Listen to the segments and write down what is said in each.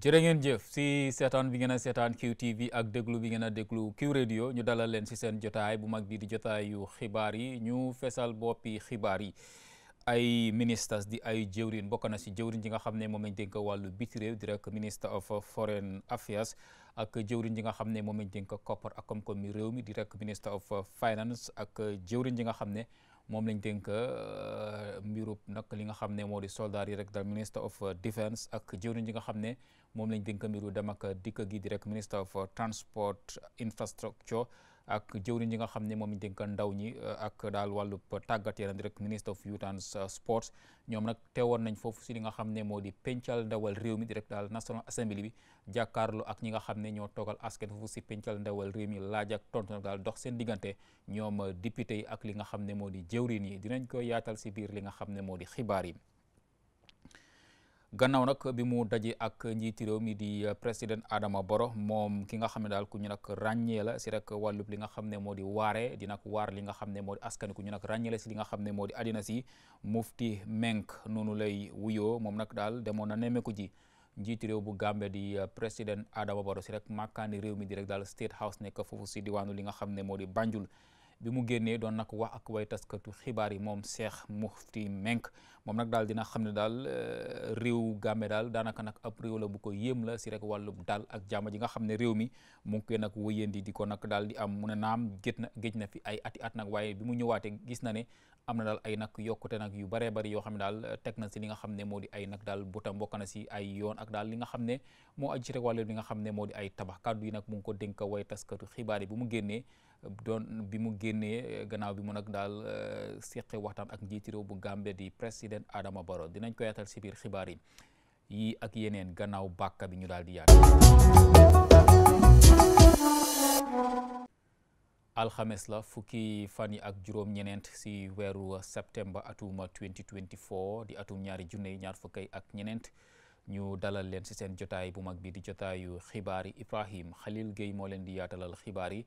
jërë ngeen jëf si seetaan bi ngeen a seetaan QTV ak déglu bi ngeen a déglu Q Radio ñu dalal leen si seen jotaay bu mag bi di jotaayu xibaar yi ñu fesal boppi xibaar yi ay ministres di ay jëwrin bokk na si jëwrin ji nga xam ne moom lañ dénk wàllu biti réew di rek ministre of ak jëwrin ji nga xam ne moom lañ dénk koppar ak koom mi réew mi di rek ministre of finance ak jëwrin ji nga xam ne moom lañ dénk euh, mbirub nag li nga xam ne moo di soldat yi rek dal ministre of defence ak jëwrin ji nga xam ne moom lañ dénk mbiru dem ak dikk gi di rek ministre of transport infrastructure ak jëwriñ yi nga xam ne moom lañ dénk ndaw ñi uh, ak daal wàllub tàggat yaram di rek ministre of youth and uh, sports ñoom nag teewoon nañ foofu si li nga xam ne moo di pencal ndawal réew mi di rek daal national assembly bi jàkkaarloo ak ñi nga xam ne ñoo toogal askan foofu si pencal ndawal réew mi laaj ak tontu daal dox seen diggante ñoom député yi ak li nga xam ne moo di jëwriñ yi dinañ ko yaatal si biir li nga xam ne moo di xibaar yi gannaaw nag bi mu dajee ak njiiti réew mi di euh, président Adama Barrow moom ki nga xam ne daal ku ñu nag ràññee la si rek wàllub li nga xam ne moo di waare di nag waar li nga xam ne moo di askan ñu nag ràññee si li nga xam ne moo di àddina si mufti menk noonu lay wuyoo moom nag daal demoon na nemmeeku ji njiiti réew bu Gambia di euh, président Adama Barrow si rek màkkaani réew mi di rek daal State House nekk foofu si diwaanu li nga xam ne moo di Banjul bi mu génnee doon nag wax ak way taskatu xibaar yi moom Cheikh Mufti Menk moom nag daal dina xam ne daal euh, réew Gàmbi daal daanaka nag ab réew la bu ko yéem la si rek wàllum daal ak jàmm ji nga xam ne réew mi mu ngi koy nag wëyandi di ko nag daal di am mu ne naam géej na géej na fi ay ati at nag waaye bi mu ñëwaatee gis na ne am na daal ay nag yokkute nag yu baree bari yoo xam ne daal euh, teg na si li nga xam ne moo di ay nag daal butam bokk na si ay yoon ak daal li nga xam ne moo aju si rek wàllu li nga xam ne moo di ay tabax kàddu yi nag mu ngi ko dénk way taskatu xibaar yi bu mu génnee don bi mu génnee gannaaw bi mu nag daal euh, seqe waxtaan ak njiiti réew bu Gambie di presse président Adama Barrow dinañ ko yaatal si biir xibaar yi yi ak yeneen gannaaw bàkka bi ñu daal di yaat alxames la fukki fan yi ak juróom-ñeneent si weeru septembre atuma 2024 di atum ñaari junne ñaar yi ak ñeneent ñu dalal leen ci seen jotaay bu mag bi di jotaayu xibaar yi Ibrahim Khalil Gueye moo leen di yaatalal xibaar yi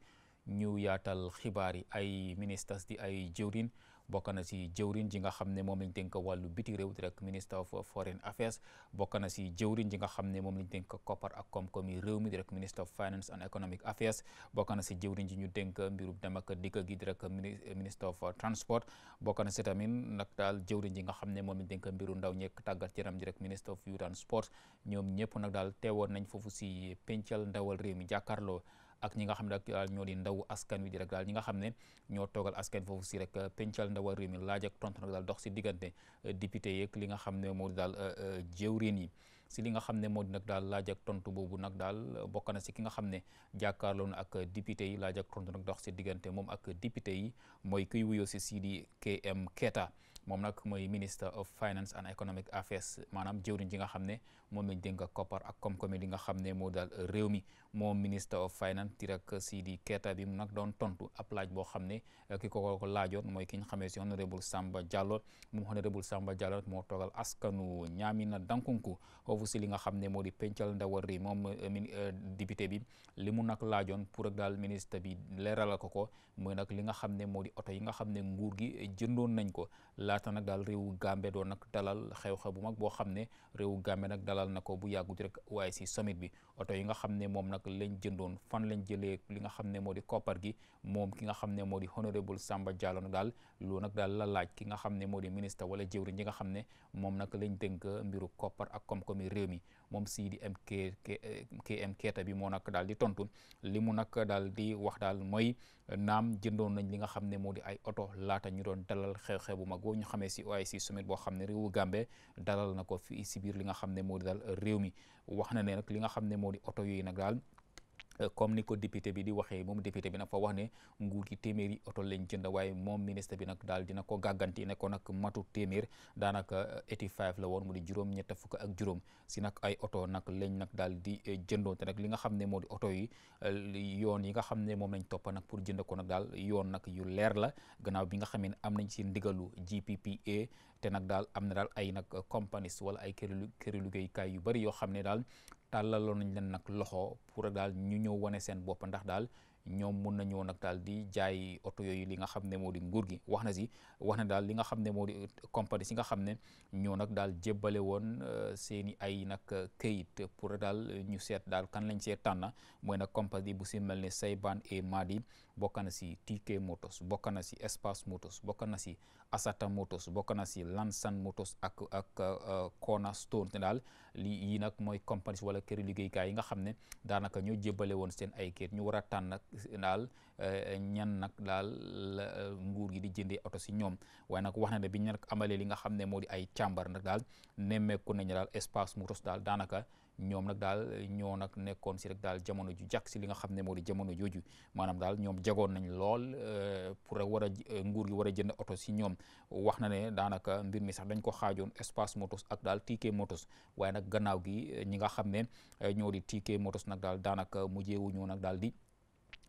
ñu yaatal xibaar yi ay ministres di ay jëwriñ bokk na si jëwriñ ji nga xam ne moom lañ dénk wàllu biti réew di rek minister of foreign affairs bokk na si jëwrin ji nga xam ne moom lañ dénk koppar ak koom-koom yi réew mi di rek minister of finance and economic affairs bokk na si jëwrin ji ñu dénk mbirub dem ak dikk gi di rek minister of transport bokk na si tamit nag daal jëwrin ji nga xam ne moom lañ dénk mbiru ndaw ñeek tàggat yaram di rek minister of youth and sport ñoom ñëpp nag daal teewoon nañ foofu si pencal ndawal réew mi jàkkaarloo ak ñi nga xam ne rek ñoo di ndaw askan wi di daal ñi nga xam ne ñoo toogal askan foofu si rek pencal ndawa réew mi laaj ak tontu nag daal dox si diggante euh, député yeeg li nga xam ne moo di daal euh, euh, jëwriñ yi si li nga xam ne moo di nag daal laaj tontu boobu nag daal bokk na si ki nga xam ne jàkkaarloo na ak député yi laaj ak tontu nag dox si diggante moom ak député yi mooy kuy wuyoo si Sidi KM Keita moom nag mooy ministre of finance and economic affairs maanaam jëwriñ ji nga xam ne moom lañ dénk koppar ak koom-koom di nga xam ne moo daal réew mi moom ministre of finance Tirak Sidi Keita bi mu nag doon tontu ab laaj boo xam ne eh, ki ko ko laajoon mooy ki ñu xamee si honorable Samba Diallo moom honorable Samba Diallo moo toogal askanu Ñaamina Dankunku foofu si li nga xam ne moo di pencal ndawar yi moom eh, eh, député bi li mu nag laajoon pour ak daal ministre bi leeralal ko ko mooy nag li nga xam ne moo di oto yi nga xam ne nguur gi jëndoon nañ ko laata nag daal réewu Gambie doon nag dalal xew-xew bu mag boo xam ne réew Gambie nag dalal leeralal na ko bu yàggut rek waaye si summit bi oto yi nga xam ne moom nag li nga xam ne moo di koppar moom ki nga xam ne moo di honorable Samba Diallo nag daal loolu nag daal la laaj ki nga xam ne moo di ministre wala jëwriñ ñi nga xam ne moom nag lañ dénk mbiru koppar ak koom-koomi réew mi moom sii di MK KM Keita bi moo nak daal di tontu li mu nag daal di wax daal mooy naam jëndoon nañ li nga xam ne moo di ay oto laata ñu doon dalal xew-xew bu mag boo xamee si OIC summit boo xam ne réewu Gambie dalal na ko li nga xam ne moo dal réew mi wax na ne nag li nga xam ne moo di oto yooyu nag daal Euh, comme ni ko député bi di waxee moom député bi nag fa wax ne nguur gi téeméeri oto lañ jënd waaye moom ministre bi nag daal dina ko gàgganti ne ko nag matu téeméer daanaka 85 euh, la woon mu di juróom ñett fukk ak juróom si nag ay oto nag lañ nag daal di euh, jëndoon te nag li nga xam ne moo di oto yi yoon yi nga xam ne moom lañ toppa nag pour jënd ko nag daal yoon nag yu leer la gannaaw bi nga xam ne am nañ si ndigalu GPPA te nag daal am na daal ay nag companies wala ay këri këri liggéeykaay yu bëri yoo xam ne daal tàllaloon nañ leen nag loxo pour daal ñu ñëw wane seen boppa ndax daal ñoom mun nañoo nag daal di jaay oto yooyu li nga xam ne moo di nguur gi wax na si wax na daal li nga xam ne moo di uh, compagnie si nga xam ne ñoo nag daal jébbale woon uh, seeni ay nag uh, këyit pour daal ñu seet daal kan lañ see tànn mooy nag compagnie bu si mel ne Saibane et Madi bokk na si TK Motors bokk na si Espace Motors bokk na si Asata Motors bokk na si Lansan Motors ak ak Cornerstone daal li yii nag mooy compagnie wala këri liggéeykaay yi nga xam ne daanaka ñoo jébbale woon seen ay këyit ñu war a tànn daal eh, ñan nag daal eh, nguur gi di jëndee oto si ñoom waaye nag wax na ne bi ñu nag amalee li nga xam ne moo di ay càmbar nag daal nemmeeku nañu daal espace motos daal daanaka ñoom nag daal ñoo nag nekkoon si rek daal jamono ju jàkk si li nga xam ne moo di jamono jooju maanaam daal ñoom jagoon nañ lool eh, pour war a nguur gi war a jënd oto si ñoom wax na ne daanaka mbir mi sax dañ ko xaajoon espace motos ak daal ticket motos waaye nag gannaaw gi ñi nga xam ne ñoo di ticket motos nag daal daanaka mujjeewuñu nag daal di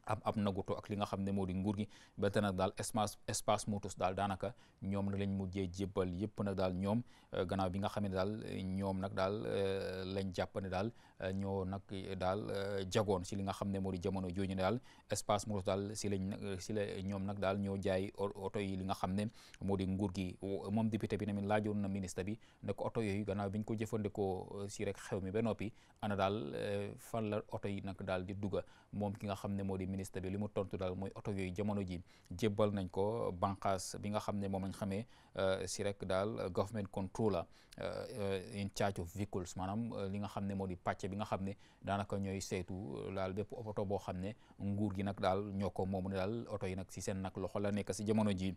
am ab nagutoo ak li nga xam ne moo di nguur gi ba tey nag daal espace espace motus daal daanaka ñoom lañ mujjee jébbal yëpp nag daal ñoom euh, gannaaw bi nga xam ne daal ñoom nag daal euh, lañ jàpp ne daal Euh, ñoo nag euh, daal euh, jagoon si li nga xam ne moo di jamono jooju daal espace Mouros daal si lañ si la ñoom nag daal ñoo jaay oto yi li nga xam ne moo di nguur gi moom député bi la laajoon na ministre bi ne ko oto yooyu gannaaw bi ñu ko jëfandikoo si rek xew mi ba noppi ana daal fan la oto yi nag daal di dugga moom ki nga xam ne moo di ministre bi li mu tontu daal mooy oto yooyu jamono ji jébbal nañ ko bànqaas bi nga xam ne moom lañ xamee si rek daal government controller in charge of vehicles maanaam bi nga xam ne daanaka ñooy saytu euh, daal bépp oto boo xam ne nguur gi nag daal ñoo ko moom ne daal oto yi nag si seen nag loxo la nekk si jamono ji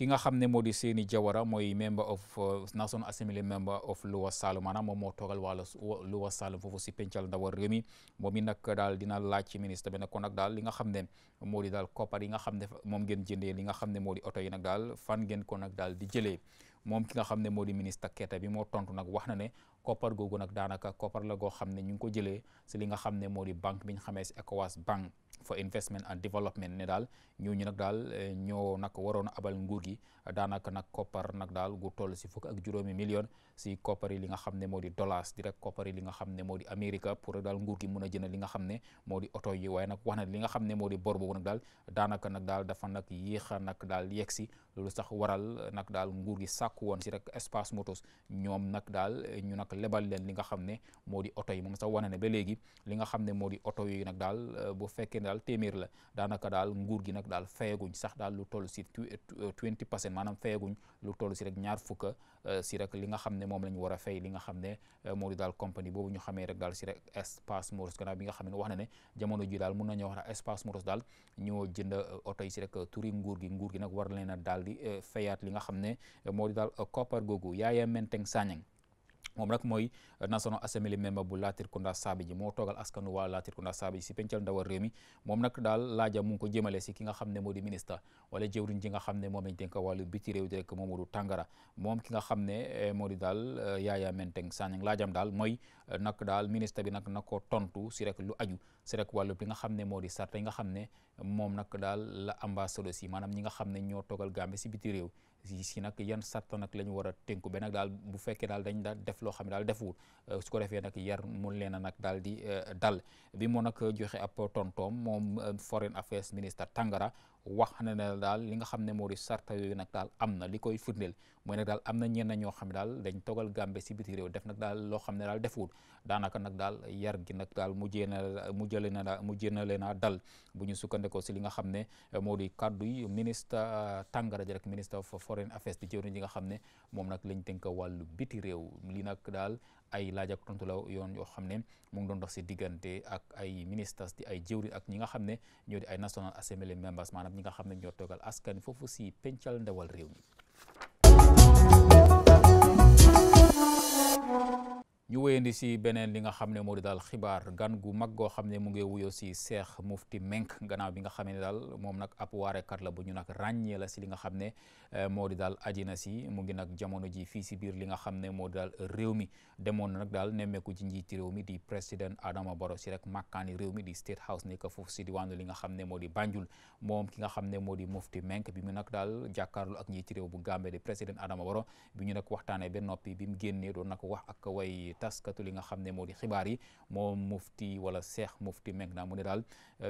ki nga xam ne moo di Seni Jawara mooy member of uh, National Assembly member of Lower Saloum maana moom moo toogal wàllu Lower Saloum foofu si pencal ndawa réew mi moom mi nag daal dina laaj ci ministre bi nag kon nag daal li nga xam ne moo di daal koppar yi nga xam ne moom ngeen jëndee li nga xam ne moo di oto yi nag daal fan ngeen ko nag daal di jëlee moom ki nga xam ne moo di ministre Keta bi moo tontu nag wax na ne koppar googu nag daanaka koppar la goo xam ne ñu ngi ko jëlee si li nga xam ne moo di banque bi ñu xamee si ECOWAS banque for investment and development ne daal ñooñu nag daal eh, ñoo nag waroon a abal nguur gi daanaka nag koppar nag daal gu toll si fukk ak juróomi million si koppar li nga xam ne moo di dollars di rek koppar yi li nga xam ne moo di Amérique pour rek nguur gi mun a li nga xam ne moo di oto yi waaye nag wax na li nga xam ne moo di bor boobu nag daal daanaka nag daal dafa nag yéex a nag daal yegg si loolu sax waral nag daal nguur gi sàkk woon si rek espace motos ñoom nag daal ñu nag lebal leen li nga xam ne moo di euh, la daanaka daal nguur gi nag daal fayaguñ sax daal lu toll si 20 euh, pour rek la ñu a li nga xam ne euh, moo di daal compagnie boobu ñu xamee rek turi nguur gi nguur gi nag war leen a daal daal di eh, fayaat li nga xam ne eh, moo di daal eh, koppar googu Yaya Menteng Sanyang moom nag mooy National Assembly member bu Latrikunda Sabiji moo toogal askanu waa Latrikunda Sabiji si pencal ndawal réew mi moom nag daal laaja mu ko jëmale si ki nga xam ne moo di ministre wala jëwriñ ji nga xam ne moom lañ dénk wàllu biti réew di rek Momodou Tangara moom ki nga xam ne eh, moo di daal eh, Yaya Menteng Sanyang laajam daal mooy eh, nak daal ministre bi nag na ko tontu si rek lu aju si rek wàllu bi nga xam ne moo di sarta yi nga xam ne moom nag daal la ambassadeur si maanaam ñi nga xam ne ñoo toogal Gambie si biti réew si nag yan sarta nag la ñu war a tënku ba nag daal bu fekkee daal dañ daal def loo xam ne daal defuwul euh, su ko defee nag yar mun leen a nag daal di euh, dal bi moo nag joxe ab tontoom moom euh, foreign affairs minister Tangara wax ne na daal li nga xam ne moo di sarta yooyu nag daal am na li koy futneel mooy nag daal am na ñenn ñoo xam ne daal dañ togal Gàmbi si biti réew def nag daal loo xam ne daal defuwul daanaka nag daal yar gi nag daal mujjee na mujjale na mujjee na leen a dal bu ñu sukkandikoo si li nga xam ne moo di kàddu yi ministre euh, Tangara ji rek ministre of foreign affairs di jëwriñ yi nga xam ne moom nag lañ tënk wàllu biti réew li nag daal ay laaj ak tontu la yoon yoo xam ne mu ngi doon dox si diggante ak ay ministres di ay jëwri ak ñi nga xam ne ñoo di ay national assembly members maanaam ñi nga xam ne ñoo toogal askan foofu si pencal ndewal réew mi ñu wéyandi si beneen li nga xam ne moo di daal xibaar gan gu mag goo xam ne mu ngi wuyoo si Cheikh Mufti Menk gannaaw bi nga xam ne daal moom nag ab waarekat la bu ñu nag ràññee la si li nga xam ne eh, moo di daal ajina si mu ngi nag jamono ji fii si biir li nga xam ne moo di daal rew mi demoon nag daal nemmeeku ci njiiti réew mi di président Adama Barrow si rek màkkaani réew mi di State House nekk foofu si diwaanu li nga xam ne moo di Banjul moom ki nga xam ne moo di Mufti Menk bi mu nag daal jàkkaarlu ak njiiti réew bu Gambie di président Adama Barrow bi ñu nag waxtaanee ba noppi bi mu génnee doon nag wax ak way taskatu li nga xam ne moo di xibaar yi moom mufti wala seex mufti maintenant mu ne daal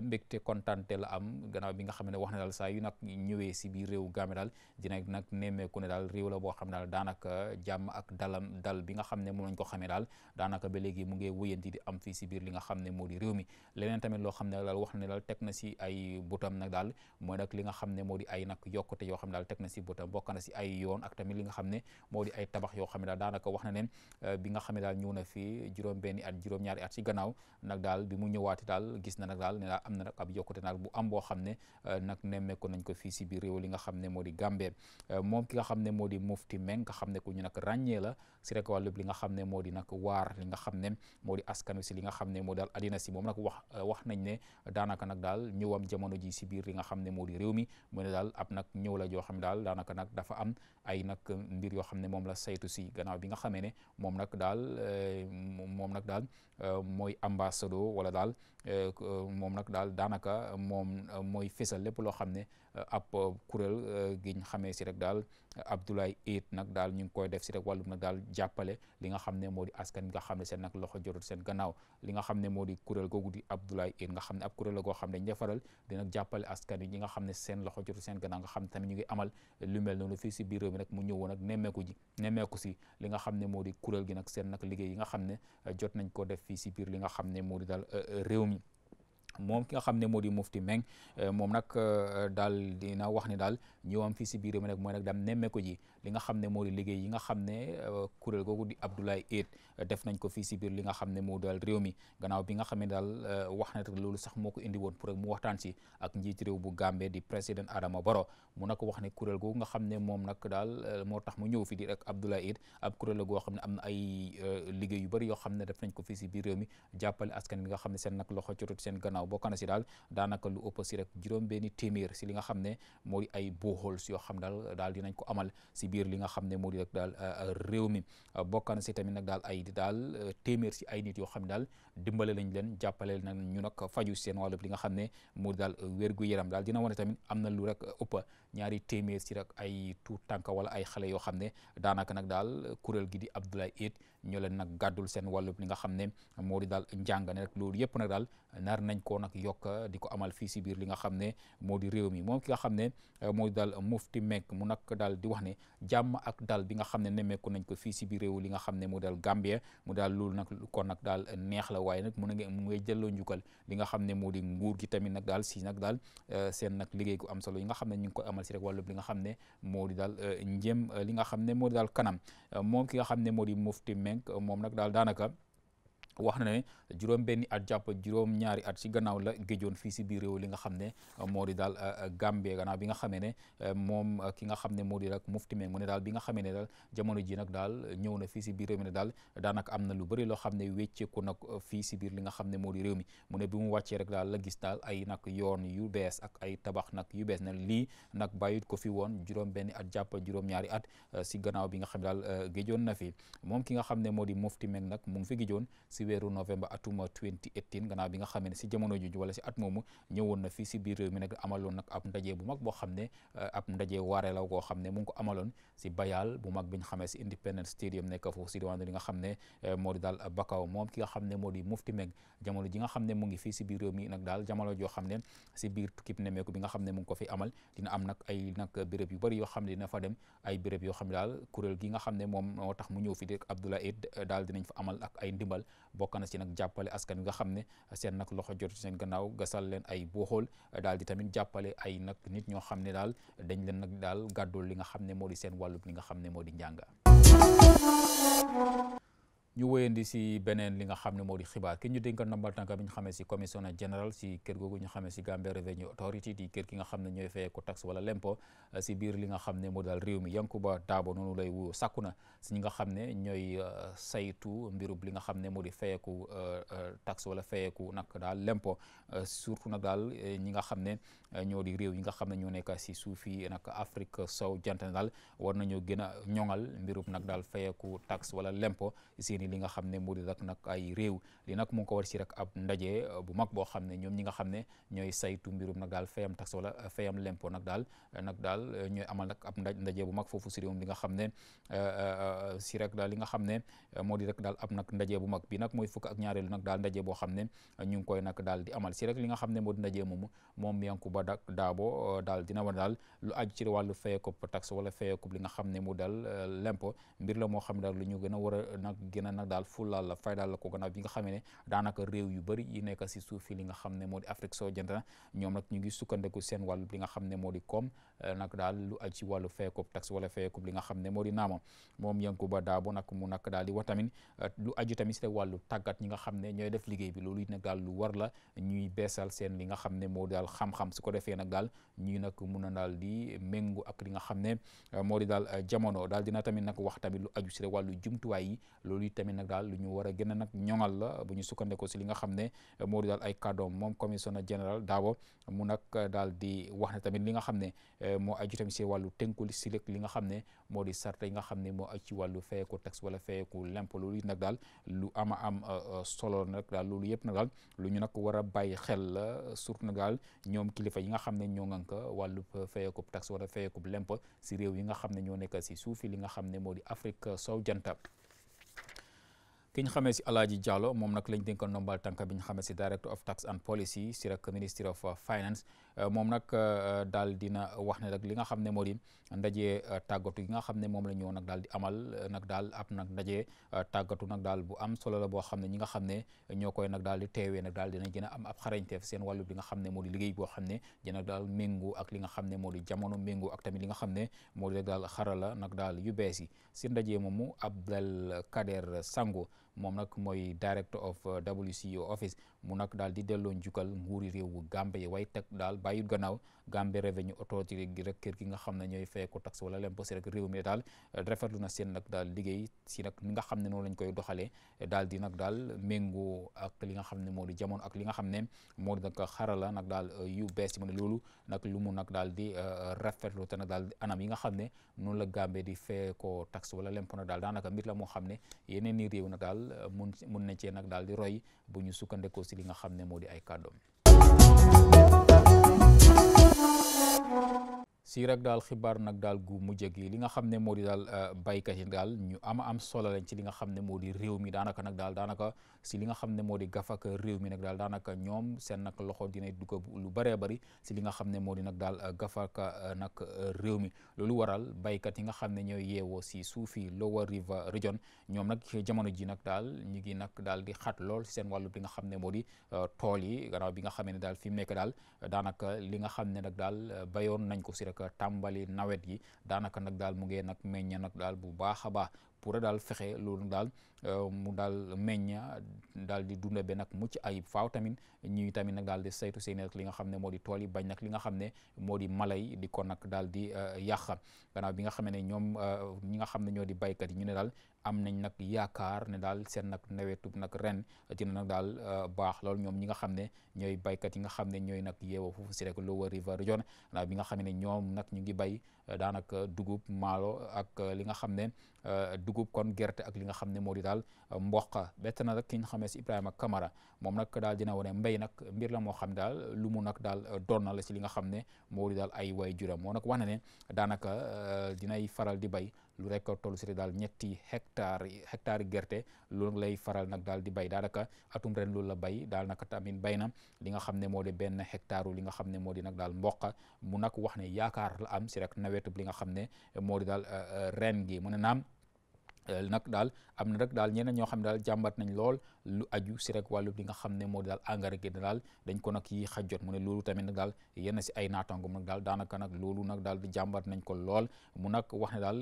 mbégte kontante bi nga xam ne wax ne daal saa yu nag ñëwee si biir réew Gambie daal dina nag nemmeeku ne daal réew la boo xam ne daal daanaka jàmm ak dalam dal bi nga xam ne moom lañ ko xamee daal daanaka ba léegi mu ngi wéyanti di am fii si biir li nga xam ne moo di réew mi leneen tamit loo xam ne daal wax ne daal teg na si ay butam nag daal mooy nag li nga xam ne moo di ay nag yokkute yoo xam ne daal teg na si butam bokk na si ay yoon ak li nga xam ne moo di tabax yoo xam ne daal daanaka wax na ne bi nga xam daal ñëw na fii juróom-benni at juróom-ñaari at ci gannaaw nag daal bi mu ñëwaati daal gis na nag daal ne daal am na nag ab yokkute nag bu am boo xam ne euh, nag nemmeeku nañ ko fii si biir réew li nga xam ne moo di Gambie euh, moom ki nga xam ne di Mufti Meng xam ne ku ñu nag ràññee la si rek li nga xam ne moo di nag waar li nga xam ne moo di askan wi si li nga xam ne moo daal àddina si moom nag wax euh, wax nañ ne daanaka nag daal ñëwam jamono ji si biir li nga xam ne moo di réew mi mu ne daal ab nag ñëw la joo xam ne daal daanaka nag dafa am ay nag mbir yoo xam ne moom la saytu si gannaaw bi nga xamee ne moom nag daal eh, moom nag daal eh, mooy ambassadeur wala daal eh, moom nag daal daanaka moom mooy fésal lépp loo xam ne ab kuréel giñ xamee si rek daal Abdoulaye It nag daal ñu ngi koy def si rek wàllum nag daal jàppale li nga xam ne moo di askan nga xam ne seen nag loxo jotul seen gannaaw li nga xam ne moo di kuréel googu di Abdoulaye It nga xam ne ab kuréel la goo xam ne dañ defaral dina jàppale askan yi ñi nga xam ne seen loxo jotul seen gannaaw xam ne tamit ñu ngi amal lu mel noonu fii si biir réew mi rek mu ñëwoon nag nemmeeku ji nemeeku si li nga xam ne moo di kuréel gi nag seen nag liggéey yi nga xam ne jot nañ ko def fii si biir li nga xam ne moo di daal euh, réew mi moom ki nga xam ne moo di mufti meng euh, moom nag euh, daal dina wax ni daal ñëwam fii si biir mi nag mooy nag dam nemme ko li nga xam ne moo liggéey yi nga xam ne euh, kuréel googu di Abdoulaye Aid euh, def nañ ko fii si biir li nga xam ne moo daal réew mi gannaaw bi nga xam daal euh, wax na loolu sax moo ko indi pour rek mu waxtaan si ak njiit réew bu di président Adama Barrow mu nag wax ne kuréel googu nga xam ne moom nag daal moo tax mu ñëw fi di rek Abdoulaye Aid ab kuréel goo xam ne am na ay liggéey yu bëri yoo xam ne def nañ ko fii si biir mi jàppale askan bi nga xam ne seen nag loxo cotut seen gannaaw bokk na si daal daanaka lu ëpp si rek juróom benni si li nga xam ne moo di ay bohols yoo xam daal daal dinañ ko amal si biir li nga xam ne moo di rek daal euh, euh, réew mi bokkaan si tamit nag daal ay daal euh, téeméer si ay nit yoo xam ne daal dimbale lañ leen jàppale nag ñu nag faju seen wàllub li nga xam ne moo daal wér gu yaram daal dina wane tamit am na lu rek ëpp ñaari téeméer ci rek ay tuut tànk wala ay xale yoo xam ne daanaka nag daal kuréel gi di Abdoulaye Aid ñoo leen nag gàddul seen wàllub li nga xam ne moo di daal njàngane loolu yëpp nag daal nar nañ koo nag yokk di ko amal fii si biir li nga xam ne moo di réew mi moom ki nga xam ne eh, moo di daal mufti Mek mu nag daal di wax ne jàmm ak daal bi nga xam ne nemmeeku nañ ko fii si biir réew li nga xam ne moo daal Gambia mu daal loolu nag ko nag daal neex la waaye nag mu ngi mu ngay jëlloo njukkal li nga xam ne moo di nguur gi tamit nag daal si nag daal eh, seen nag liggéey ko am solo yi nga xam ne ñu ngi koy amal amal si rek wàllub li nga xam ne moo di daal euh, njëm euh, li nga xam ne moo di daal kanam euh, moom ki nga xam ne moo di mufti menk moom nag daal daanaka wax na ne juróom benni at jàpp juróom ñaari at ci gannaaw la géejoon fii si biir réew li nga xam ne uh, moo di daal uh, uh, Gambie gannaaw bi nga xamee ne moom ki nga xam ne moo di rek mufti meeg mu ne daal bi nga xamee ne daal jamono ji nag daal ñëw na fii si biir réew mi daal daanaka am na lu bëri loo xam ne wécceeku nag fii si biir li nga xam ne moo di réew mi mu ne bi mu wàccee rek daal la gis daal ay nag yoon yu bees ak ay tabax nag yu bees ne lii nag bàyyit ko fi woon juróom benni at jàpp juróom ñaari at si gannaaw bi nga xam ne daal géejoon na fi moom ki nga xam ne moo di mufti meeg nag mu ngi fi géejoon si weeru novembre atum 2018 gannaaw bi nga xamee si jamono jooju wala at moomu ñëwoon na fii si biir réew mi nag amaloon nag ab ndaje mag boo xam ne eh, ab ndaje waare la koo xam ne mu ngi ko amaloon si bayaal bu mag bi ñu xamee si Independence Stadium nekk foofu si diwaanu nga xam ne eh, moo di daal Bakau moom ki nga xam ne moo di mufti meeg jamono ji nga xam ne mu ngi fii si biir réew mi nag daal jamono joo xam ne si biir tukkib nemeeku bi nga xam ne mu ngi ko fi amal dina am nag ay nag béréb yu bëri yoo xam ne dina fa dem ay béréb yoo xam ne daal kuréel gi nga xam ne moom moo tax mu ñëw fi de Abdoulaye Ed eh, daal dinañ fa amal ak ay ndimbal bokk na ci nag jàppale askan wi nga xam ne seen nag loxo jot seen gannaaw gasal leen ay booxool daal di tamit jàppale ay nag nit ñoo xam ne daal dañ leen nag daal gàddul li nga xam ne moo di seen wàllub li nga xam ne moo di njàng ñu wéyandi si beneen li nga xam ne moo di xibaar ki ñu dénk ndombal tànk bi ñu xamee si commissionnaire général si kër googu ñu xamee si Gambia Revenue Authority di kër ki nga xam ne ñooy fayee ko taxe wala lempo eh, si biir li nga xam ne moo daal réew mi Yankuba Daabo noonu lay wu sàkku na si nga xam ne ñooy eh, saytu mbirub li nga xam ne moo di fayeeku eh, tax wala fayeeku nag daal lempo surtout nag daal ñi nga xam ne ñoo di réew ñi nga xam ne ñoo nekk si suufi nag Afrique sow jant na daal war nañoo gën a ñoŋal mbirub nag daal fayeeku tax wala lempo si ni li nga xam ne moo di rek nag ay réew li nag mu ngi ko war si rek ab ndaje euh, bu mag boo xam ne ñoom ñi nga xam ne ñooy saytu mbirum nag daal fayam tax wala euh, fayam lempo euh, bu mag foofu si réewum li nga xam ne si rek daal li nga xam ne moo di rek daal ab nag ndaje bu mag bi nag mooy fukk ak ñaareelu nag daal ndaje boo xam ne ñu ngi koy nag daal di si rek li nga xam ne moo di ndaje moomu moom Yankuba Daabo daal dina war daal lu aju ci wàllu fayekob tax wala fayekob li nga xam ne mu daal lempo mbir xam ne daal lu ñu gën a war a a ne nag daal fullaal la faydaal la ko gannaaw bi nga xamee ne daanaka réew yu bëri yi nekk si suuf li nga xam ne moo di Afrique soo jant na ñoom nag ñu ngi sukkandiku seen xam ne moo di koom eh, nag daal lu aj ci wàllu fayekoob taxe wala fayekoob li nga xam ne moo di naama moom Yankuba Daabo nag mu nag daal di wax tamit eh, lu aju tamit si wàllu ñi nga xam ne ñooy def liggéey bi loolu it nag lu war la ñuy beesal seen li nga xam ne moo daal xam-xam su ko defee nag daal ñuy nag mun a daal di méngu ak li nga xam ne eh, moo di daal jamono daal dina tamit nag wax tamit lu aju si wàllu jumtuwaay loolu it tamit nag daal lu ñu war a gën a nag ñoŋal la bu ñu sukkandekoo si li nga xam ne moo di daal ay kàddoom moom commissionnaire général Dabo mu nag daal di wax ne tamit li nga xam ne eh, moo aju tamit si wàllu si li nga xam ne moo di sarta yi nga xam ne moo aju ci wàllu fayeeku taxe wala fayeeku lempo loolu it nag daal lu ama am eh, eh, solo nag daal loolu yëpp nag daal lu ñu nag war a bàyyi xel la surtout nag daal kilifa yi nga xam ne ñoo ngànk wàllu fayeeku taxe wala fayeeku lempo si réew yi nga xam ne ñoo nekk si suufi li nga xam ne moo di Afrique sow janta ki ñu xamee si Alaaji Diallo moom nag lañ dénkoon nombal tànk bi ñu xamee si Director of Tax and Policy si rek Ministry of uh, Finance uh, moom nag uh, daal dina wax ne rek li nga xam ne moo di ndaje tàggatu gi nga xam ne moom la ñëw nag daal di amal nag daal ab nag ndaje tàggatu nag daal bu am solo la boo xam ne ñi nga xam ne ñoo koy nag daal di teewee nag daal dinañ gën a am ab xarañteef seen wàllu li nga xam ne moo di liggéey boo xam ne dina daal méngoo ak li nga xam ne moo di jamono méngoo ak tamit li nga xam ne moo di rek daal xarala nag daal yu bees yi si ndaje moomu Abdel Kader Sango moom nag mooy director of uh, WCO e office mu nag daal di delloo njukkal nguuri réew wu Gambie yi way teg daal bàyyut gannaaw Gambie Revenue Authority gi rek kër gi nga xam ne ñooy fay ko taxe wala l'impôt rek réew mi daal rafetlu na seen nag daal liggéey si nag li nga xam ne noonu lañ koy doxalee daal di nag daal méngoo ak li nga xam ne moo di jamono ak li nga xam ne moo di nag xarala nag daal yu bees yi mu ne loolu nag lu mu nag daal di euh, rafetlu te nag daal anam yi nga xam ne noonu la Gambie di fay ko taxe wala daal daanaka mbir la moo xam ne yeneen i réew nag daal mun mun nañ cee nag daal di roy bu ñu sukkandekoo si li nga xam ne moo di ay kàddoom si rek daal xibaar nag daal gu mujj gi li nga xam ne moo di daal euh, baykat yi daal ñu ama am solo lañ ci li nga xam ne moo di réew mi daanaka nag daal daanaka si li nga xam ne moo di gafak réew mi nag daal daanaka ñoom seen nag loxo dina dugg lu bëree bari si li nga xam ne moo di nag daal gafak euh, nag euh, réew mi loolu waral baykat yi nga xam ne ñooy yeewoo si suufi Lower River Region ñoom nag jamono ji nag daal ñu ngi nag daal di xat lool seen wàllu bi nga xam ne moo di euh, tool yi gannaaw bi nga xam ne daal fi mu nekk daal daanaka li nga xam ne nag daal bayoon nañ ko si rek tàmbali nawet yi daanaka nag daal mu ngee nag meñña nag daal bu baax a baax pour daal fexe loolu daal euh, mu daal meñña daal di dunda be nag mucc ayib faaw tamit ñuy tamit nag daal di saytu seen rek li nga xam ne moo di tool yi bañ nag li nga xam ne moo di mala yi di kon nag daal di euh, yàq gannaaw bi nga xam ne ñoom euh, ñi nga xam ne ñoo di baykat yi ñu ne daal am nañ nag yaakaar ne daal seen nag nawetu nag ren dina nag daal euh, baax loolu ñoom ñi nga xam ne ñooy baykat yi nga xam ne ñooy nag yeewoo foofu si rek Lower River Region ndax bi nga xam ne ñoom nag ñu ngi bay euh, daanaka dugub maalo ak euh, li nga xam ne dugub kon gerte ak li nga xam ne moo di daal mboq bett na nag ki nga xam ne si Ibrahima Kamara moom nag daal dina wane mbéy nag mbir la moo xam daal lu mu nag daal doon na la si li nga xam ne moo di daal ay way juram moo nag wax na ne daanaka dinay faral di bay lu rek toll si daal ñetti hectare hectare gerte loolu lay faral nag daal di bay daanaka atum ren loolu la bay daal naka tamin bay na li nga xam ne moo di benn hectare li nga xam ne moo di nag daal mboq mu nag wax ne yaakaar la am si rek nawetu li nga xam ne moo di daal euh, euh, ren gi mu ne naam euh, nag daal am na rek daal ñeneen ñoo xam ne daal jàmbat nañ lool lu aju si rek wàllu li nga xam ne moo di daal engrais gi daal dañ ko nag yi jot mu ne loolu tamit nag daal yenn si ay naatangom nag daal daanaka nag loolu nag daal jàmbat nañ ko lool mu nag wax ne daal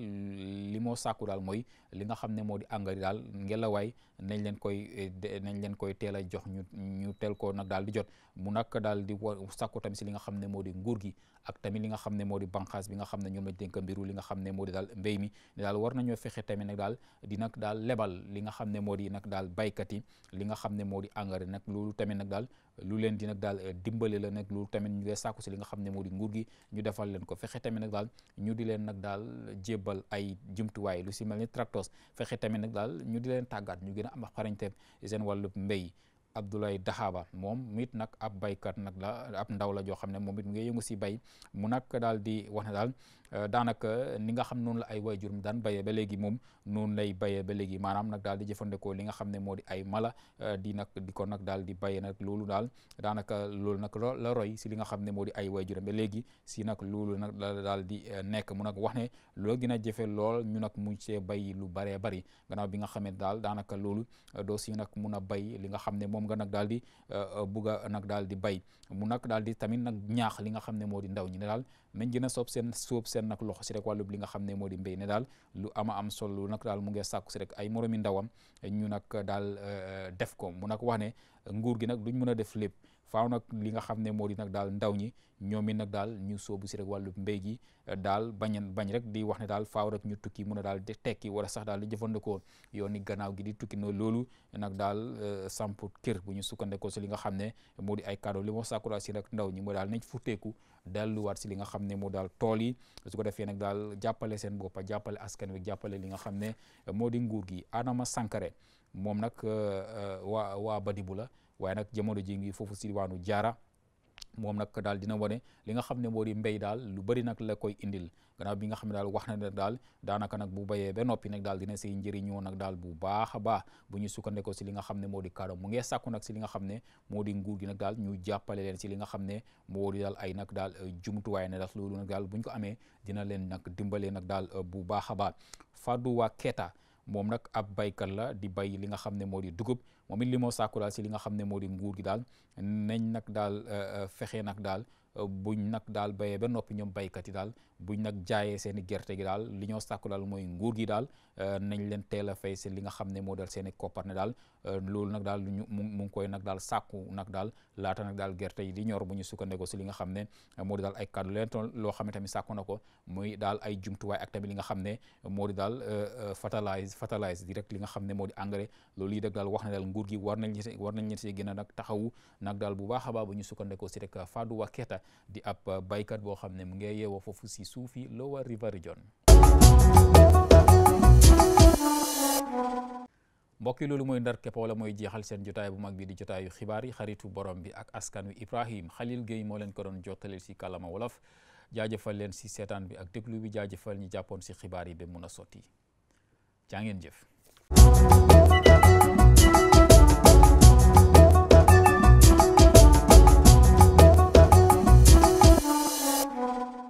li moo sàkku daal mooy li nga xam ne moo di engrais daal ngelawaay nañ leen koy eh, nañ leen koy teel a jox ñu ñu teel ko nag daal di jot mu nag daal di sàkku tamit si li nga xam ne moo di nguur gi ak tamit li nga ne moo di banqaas bi nga xam ne ñoom lañ dénk mbiru li nga xam ne moo di daal mbéy mi war nañoo fexe tamit nag daal di nag daal lebal li nga xam ne moo di nag daal baykat yi li nga xam ne moo di engrais nag loolu tamit nag daal lu leen di nag daal euh, dimbale la nag loolu tamit ñu ngi sàkku si li nga xam ne moo di nguur gi ñu defal leen ko fexe tamit nag daal ñu di leen nag daal jébbal ay jumtuwaay lu si mel ni tracteurs fexe tamit nag daal ñu di leen tàggaat ñu gën a am xarañte seen wàllu mbéy Abdoulaye Daxaaba moom it nag ab baykat nag la ab ndaw la joo xam ne moom it mu ngi yëngu si bay mu nag daal di wax ne daal euh, daanaka ni nga xam noonu la ay wayjur mu daan béyee ba léegi moom noonu lay béyee ba léegi maanaam nag daal di jëfandikoo li nga xam ne moo di ay mala euh, di nag di ko nag daal di béyee nag loolu daal daanaka loolu nag la roy si li nga xam ne moo di ay wayjuram ba léegi si nag loolu nag la daal di euh, nekk mu nag wax ne loolu dina jëfe lool ñu nag mu see bay lu bare bari gannaaw bi nga xam daal daanaka loolu doo si nag mun a li nga xam ne moom nga nag daal di euh, euh, bugg a nag daal di bay mu nag daal di tamit nag ñaax li nga xam ne moo di ndaw ñi ne daal nañ gën a soob seen soob seen nag loxo si rek wàllub li nga xam ne moo di mbéy ne daal lu ama am solo nag daal mu ngi sàkku si rek ay moromi ndawam ñu nag daal euh, def ko mu nag wax ne nguur gi nag duñ mën a def lépp faaw nag li nga xam ne moo di nag daal ndaw ñi ñoom it nag daal ñu soobu si rek wàllu mbéy gi euh, daal bañ bañ rek di wax ne daal faaw rek ñu tukki mun a daal di tekki wala sax daal di jëfandikoo yoon ni gannaaw gi di tukki no loolu nag daal euh, samp kër bu ñu sukkandekoo si li nga xam ne moo di ay cadeau li moo sàkku daal si rek ndaw ñi moo daal nañ futteeku delluwaat si li nga xam ne moo daal tool yi su ko defee nag daal jàppale seen bopp jàppale askan wi jàppale li nga xam ne moo di nguur gi Adama Sankare moom nag wa euh, euh, waa Badibou la waaye nag jamono ji ngi foofu si waanu jaara moom nag daal dina wane li nga xam ne moo di mbéy daal lu bari nag la koy indil gannaaw bi nga xam ne daal wax na ne daal daanaka nag bu béyee ba noppi nag daal dina siy njëriñoo nag daal bu baax a baax bu ñu sukkandekoo si li nga xam ne moo di kaddu mu ngi sàkku nag si li nga xam ne moo di nguur gi nag daal ñu jàppale leen si li nga xam ne moo di daal ay nag daal euh, jumtuwaay ne daal loolu nag daal bu ñu ko amee dina leen nag dimbalee nag daal euh, bu baax a baax Fadouwa Keta moom nag ab baykat la di bay li nga xam ne moo di dugub moom it li moo sàkku daal si li nga xam ne moo di nguur gi daal nañ nag daal euh, euh, fexe nag daal euh, buñ nag daal bayee ba noppi ñoom baykat yi daal buñ nag jaayee seen i gerte gi daal li ñoo sàkku daal mooy nguur gi daal euh, nañ leen teel a fay seen li nga xam ne moo dal seen i koppar ne daal euh, loolu nag daal ñu mu ngi koy nag daal sàkku nag daal laata nag gerte yi di ñor bu ñu sukkandikoo si li nga xam ne moo di daal ay kàddu leen loo xam ne tamit sàkku na ko muy daal ay jumtuwaay ak tamit li nga xam ne moo di daal euh, fertilize fertilize di rek li nga xam ne moo di engrais loolu yi dag daal wax ne daal nguur gi war nañ war nañ leen si gën a nag taxawu nag daal bu baax a baax bu ñu sukkandikoo si rek Fadou Waketa di ab baykat boo xam ne mu ngi yeewoo foofu si suufi Lower River Region mbokk yi loolu mooy ndar képp wala mooy jeexal seen jotaay bu mag bi di jotaayu xibaar yi xaritu borom bi ak askan wi Ibrahim Khalil Gueye moo leen ko doon jottali ci kàllaama wolof jaajëfal leen si seetaan bi ak lu bi jaajëfal ñi jàppoon si xibaar yi ba mën a sotti jaa ngeen jëf